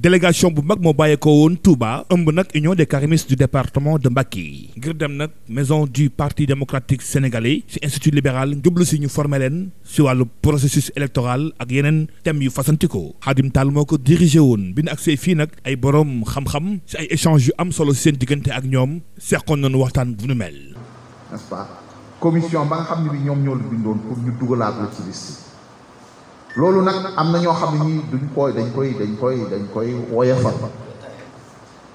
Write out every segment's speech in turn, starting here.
délégation bu mag moo bàyyeekoo woon Touba ëmb nag union de karimistes du département de Mbacké ngir dem nag maison du parti démocratique sénégalais ci institut libéral njublu si ñu formé leen si wàllu processus électoral ak yeneen thèmes yu fasantikoo Xaadim Taal moo ko dirigé woon bi ñu agsee fii nag ay boroom xam-xam si ay échanges yu am solo si seen diggante ak ñoom seqoon nañu waxtaan bu mel. n'est-ce pas commission ñoom ñoo la loolu nag am na ñoo xam ne ñi duñ koy dañ koy dañ koy dañ koy woyefal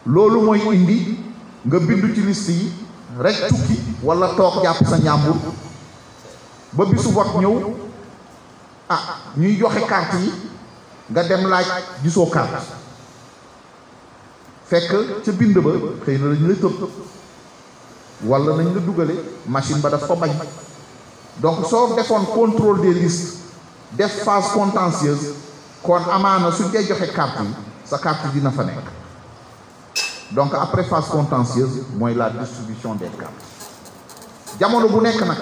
loolu mooy indi nga bindu ci liste yi rek tukki wala toog jàpp sa ñàmbur ba bisu vote ñëw ah ñuy joxe carte yi nga dem laaj gisoo carte fekk ca bind ba xëy na lañ la tëb wala nañ la dugale machine ba daf ko bañ donc soo defoon contrôle des listes def phase contentieuse kon amaana suñ koy joxe carte yi sa carte dina fa nekk donc après phase contentieuse mooy la distribution des cartes jamono bu nekk nag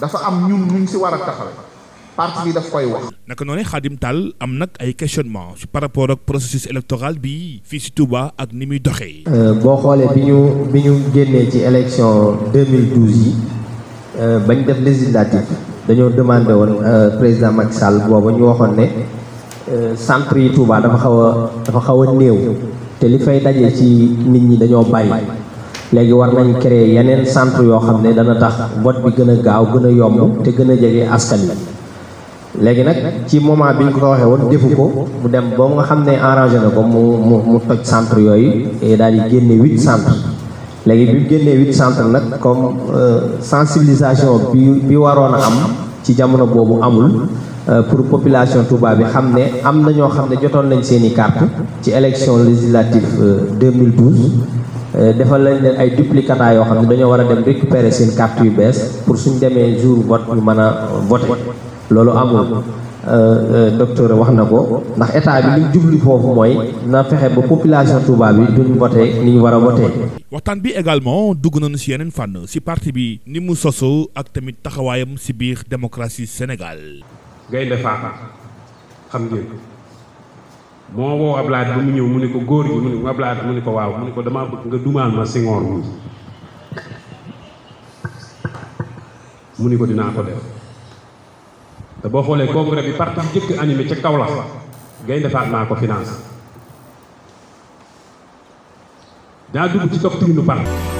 dafa am ñun nuñ si war a taxawe parti bi daf koy wax. naka noonu Khadim Tall am nag ay questionnement par rapport ak processus électoral bi fii si Touba ak ni muy doxee. Euh, boo xoolee bi ñu bi ñu génnee ci élection 2012 yi euh, bañ def législative. dañoo demandé woon euh, président Macky Sall booba ñu waxoon ne euh, centre yi Touba dafa xaw a dafa xaw a néew te li fay daje ci nit ñi dañoo bari léegi war nañ créer yeneen centre yoo xam ne dana tax vote bi gën a gaaw gën a yomb te gën a jege askan wi léegi nag ci moment bi ñu ko waxee woon defu ko mu dem boo nga xam ne arrangé na ko mu mu mu toj centre yooyu daal di génne huit centre léegi bi mu génnee huit centre nag comme euh, sensibilisation bi bi waroon a am ci jamono boobu amul euh, pour population tubaab yi xam ne am na ñoo xam ne jotoon nañ seen i carte ci élection législative 2012 euh, defal lañ leen ay duplicata yoo xam ne dañoo war a dem récupérer seen carte yu bees pour suñ demee jour vote ñu mën a voter loolu amul Euh, euh, docteur wax na ko ndax état bi liñ jubli foofu mooy na fexe ba population Touba bi duñ vote ni war a vote waxtaan bi également dugg nañu ci yeneen fànn ci parti bi ni mu sosoo ak tamit taxawaayam ci biir démocratie Sénégal Gaynde Faatma xam ngeen moo woo Ablaye ba mu ñëw mu ni ko góor gi mu ni ko mu ne ko waaw mu ko damaa bëgg nga dumaal ma Senghor mu mu ne ko dinaa ko def te boo xoolee congrès bi parti jëkk animé ca Kaolack Gaynde Fatma ko finance daa dugg ci topp tiinu parti